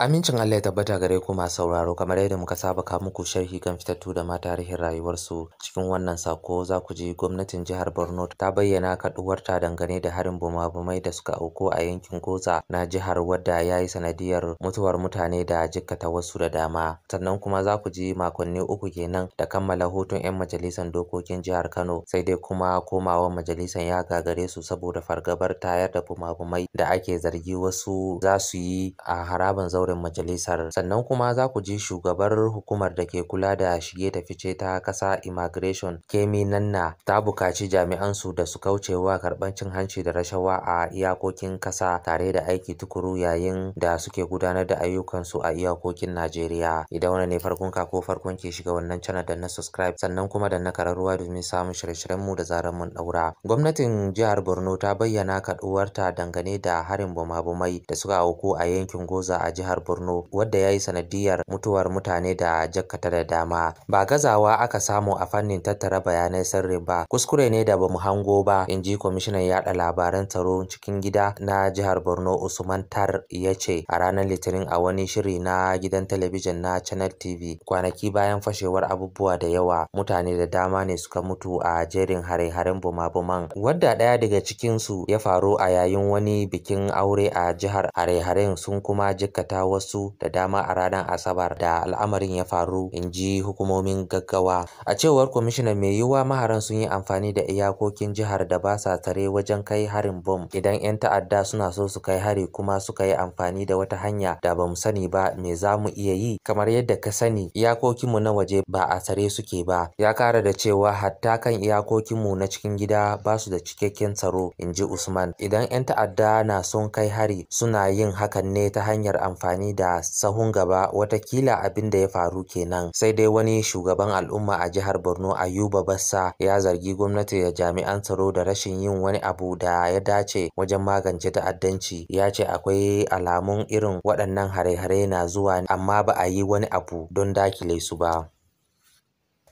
Amincin Allah ya tabbata gare ku masu sauraro kamar yadda muka saba ka muku sharhi kan fitattu da ma tarihin rayuwarsu cikin wannan sako za ku ji gwamnatin jihar Borno ta bayyana kaduwarta dangane da harin bumabumai da suka auku a yankin Goza na jihar wadda ya yi sanadiyar mutuwar mutane da jikkata wasu da dama sannan kuma za ku ji makonni uku kenan da kammala hutun 'yan majalisar dokokin jihar Kano sai dai kuma komawa majalisar ya gagare su saboda fargabar tayar da bumabumai da ake zargi wasu za su yi a haraban zaure wurin majalisar. Sannan kuma za ku ji shugabar hukumar da ke kula da shige da fice ta ƙasa immigration Kemi Nanna ta buƙaci jami'an su da su kauce wa karɓar cin hanci da rashawa a iyakokin ƙasa tare da aiki tukuru yayin da suke gudanar da ayyukansu a iyakokin Najeriya. Idan wani ne farkon ka ko farkon ke shiga wannan channel da na subscribe sannan kuma da na kararruwa domin samun shirye-shiryen mu da zarar mun daura. Gwamnatin jihar Borno ta bayyana kaɗuwarta dangane da harin bumabumai da suka auku a yankin Goza a jihar jihar Borno wadda ya yi sanadiyar mutuwar mutane da jakkata da dama. Ba gazawa aka samu a fannin tattara bayanai sirri ba, kuskure ne da bamu hango ba, in ji kwamishinan yaɗa labaran tsaro cikin gida na jihar Borno Usman Tar ya ce a ranar Litinin a wani shiri na gidan talabijin na Channel TV kwanaki bayan fashewar abubuwa da yawa mutane da dama ne suka mutu a jerin hare-haren bumabuman wadda ɗaya daga cikinsu ya faru a yayin wani bikin aure a jihar hare-haren sun kuma jikkata wasu da dama a ranar Asabar da al'amarin ya faru, in ji hukumomin gaggawa. A cewar kwamishinan mai yiwuwa maharan sun yi amfani da iyakokin jihar da ba sa tare wajen kai harin bom idan 'yan ta'adda suna so su kai hari kuma suka yi amfani da wata hanya da ba mu sani ba me za mu iya yi kamar yadda ka sani iyakokinmu na waje ba a tsare suke ba ya kara da cewa hatta kan iyakokinmu na cikin gida ba su da cikakken tsaro in ji usman idan 'yan ta'adda na son kai hari suna yin hakan ne ta hanyar amfani amfani da sahun gaba watakila abin da ya faru kenan sai dai wani shugaban al'umma a jihar borno ayuba bassa ya zargi gwamnati da jami'an tsaro da rashin yin wani abu da ya dace wajen magance ta'addanci ya ce akwai alamun irin waɗannan hare-hare na zuwa amma ba a yi wani abu don dakile su ba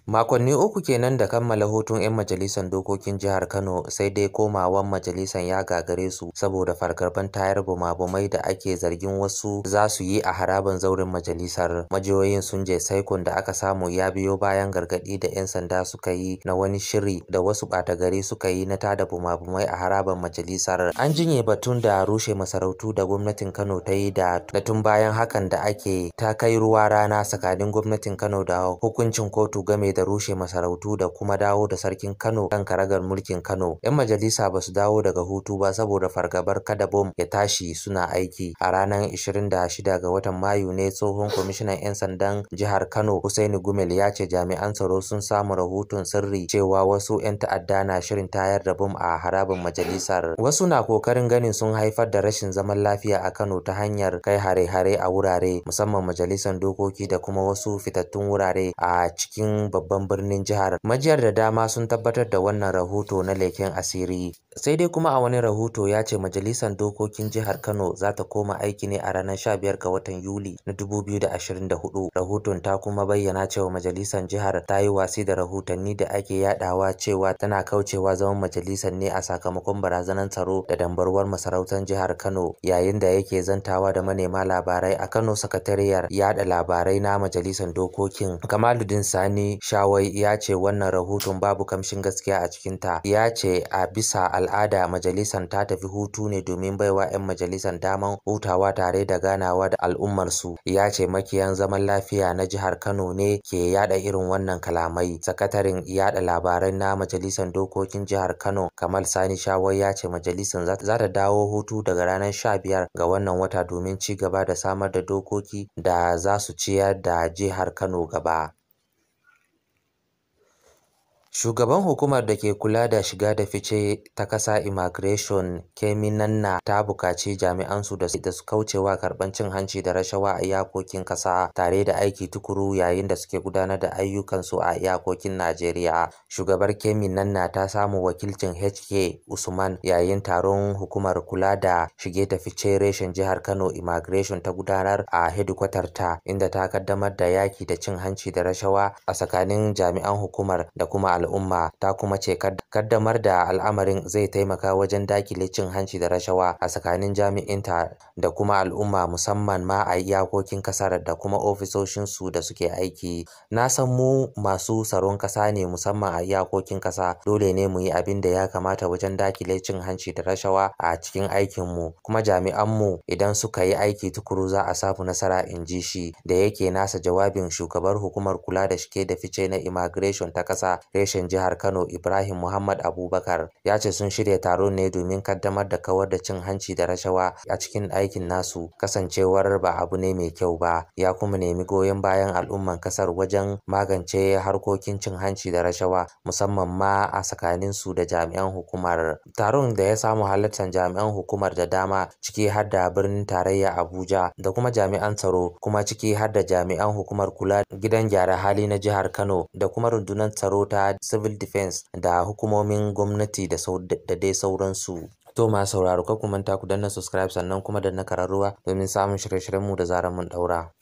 Makonni uku kenan da kammala hutun 'yan majalisar dokokin jihar Kano sai dai komawan majalisar ya gagare su saboda fargabar tayar bumabumai da ake zargin wasu za su yi a harabar zauren majalisar. Majiyoyin sun je saikon da aka samu ya biyo bayan gargaɗi da 'yan sanda suka yi na wani shiri da wasu ɓata gari suka yi na tada bumabumai a harabar majalisar. An jinye batun da rushe masarautu da gwamnatin Kano ta yi da tun bayan hakan da ake ta kai ruwa rana tsakanin gwamnatin Kano da hukuncin kotu game da da rushe masarautu da kuma dawo da sarkin Kano kan karagar mulkin Kano. 'Yan majalisa ba su dawo daga hutu ba saboda fargabar kada bom ya tashi suna aiki. A ranar 26 ga watan Mayu ne tsohon kwamishinan 'yan sandan jihar Kano husaini Gumel ya ce jami'an tsaro sun samu rahoton sirri cewa wasu 'yan ta'adda na shirin tayar da bom a harabin majalisar. Wasu na kokarin ganin sun haifar da rashin zaman lafiya a Kano ta hanyar kai hare-hare a wurare musamman majalisar dokoki da kuma wasu fitattun wurare a cikin babban babban birnin jihar. Majiyar da dama sun tabbatar da wannan rahoto na leken asiri. Sai dai kuma a wani rahoto ya ce majalisar dokokin jihar Kano za ta koma aiki ne a ranar 15 ga watan Yuli na 2024. Rahoton ta kuma bayyana cewa majalisar jihar ta yi wasi da rahotanni da ake yadawa cewa tana kaucewa zaman majalisar ne a sakamakon barazanar tsaro da dambarwar masarautar jihar Kano yayin da yake zantawa da manema labarai a Kano sakatariyar yada labarai na majalisar dokokin Kamaluddin Sani sha Shawai ya ce wannan rahoton babu kamshin gaskiya a cikinta. Ya ce a bisa al'ada majalisar ta tafi hutu ne domin baiwa 'yan majalisar damar hutawa tare da ganawa da al'ummarsu. Ya ce makiyan zaman lafiya na jihar Kano ne ke yada irin wannan kalamai. Sakataren yada labarai na majalisar dokokin jihar Kano Kamal Sani Shawai ya ce majalisar za ta dawo hutu daga ranar sha biyar ga wannan wata domin ci gaba da samar da dokoki da za su ciyar da jihar Kano gaba. Shugaban hukumar da ke kula da shiga da fice ta kasa Immigration Kemi Nanna ta buƙaci jami'an su da su kaucewa karɓar cin hanci da rashawa a iyakokin ƙasa tare da aiki tukuru yayin da suke gudanar da ayyukan su a iyakokin Najeriya. Shugabar Kemi Nanna ta samu wakilcin HK Usman yayin taron hukumar kula da shige da fice reshen jihar Kano Immigration ta gudanar a hedikwatar ta inda ta kaddamar da yaki da cin hanci da rashawa a tsakanin jami'an hukumar da kuma al al'umma ta kuma ce kaddamar da al'amarin zai taimaka wajen dakile cin hanci da rashawa a tsakanin jami'inta da kuma al'umma musamman ma a iyakokin kasar da kuma ofisoshin su da suke aiki na san mu masu tsaron kasa ne musamman a iyakokin kasa dole ne mu yi abin da ya kamata wajen dakile cin hanci da rashawa a cikin aikin mu kuma jami'anmu idan suka yi aiki tukuru za a samu nasara in ji shi da yake nasa jawabin shugabar hukumar kula da shike da fice na immigration ta kasa sashen jihar Kano Ibrahim Muhammad Abubakar ya ce sun shirya taron ne domin kaddamar da kawar da cin hanci da rashawa a cikin aikin nasu kasancewar ba abu ne mai kyau ba ya kuma nemi goyon bayan al'umman kasar wajen magance harkokin cin hanci da rashawa musamman ma a tsakanin su da jami'an hukumar taron da ya samu halartar jami'an hukumar da dama ciki har da birnin tarayya Abuja da kuma jami'an tsaro kuma ciki har da jami'an hukumar kula gidan gyara hali na jihar Kano da kuma rundunar tsaro ta civil defense da hukumomin gwamnati da dai sauransu. To ma sauraro kuma ku manta ku danna subscribe sannan kuma danna kararrawa domin samun shirye-shiryenmu da zarar mun daura.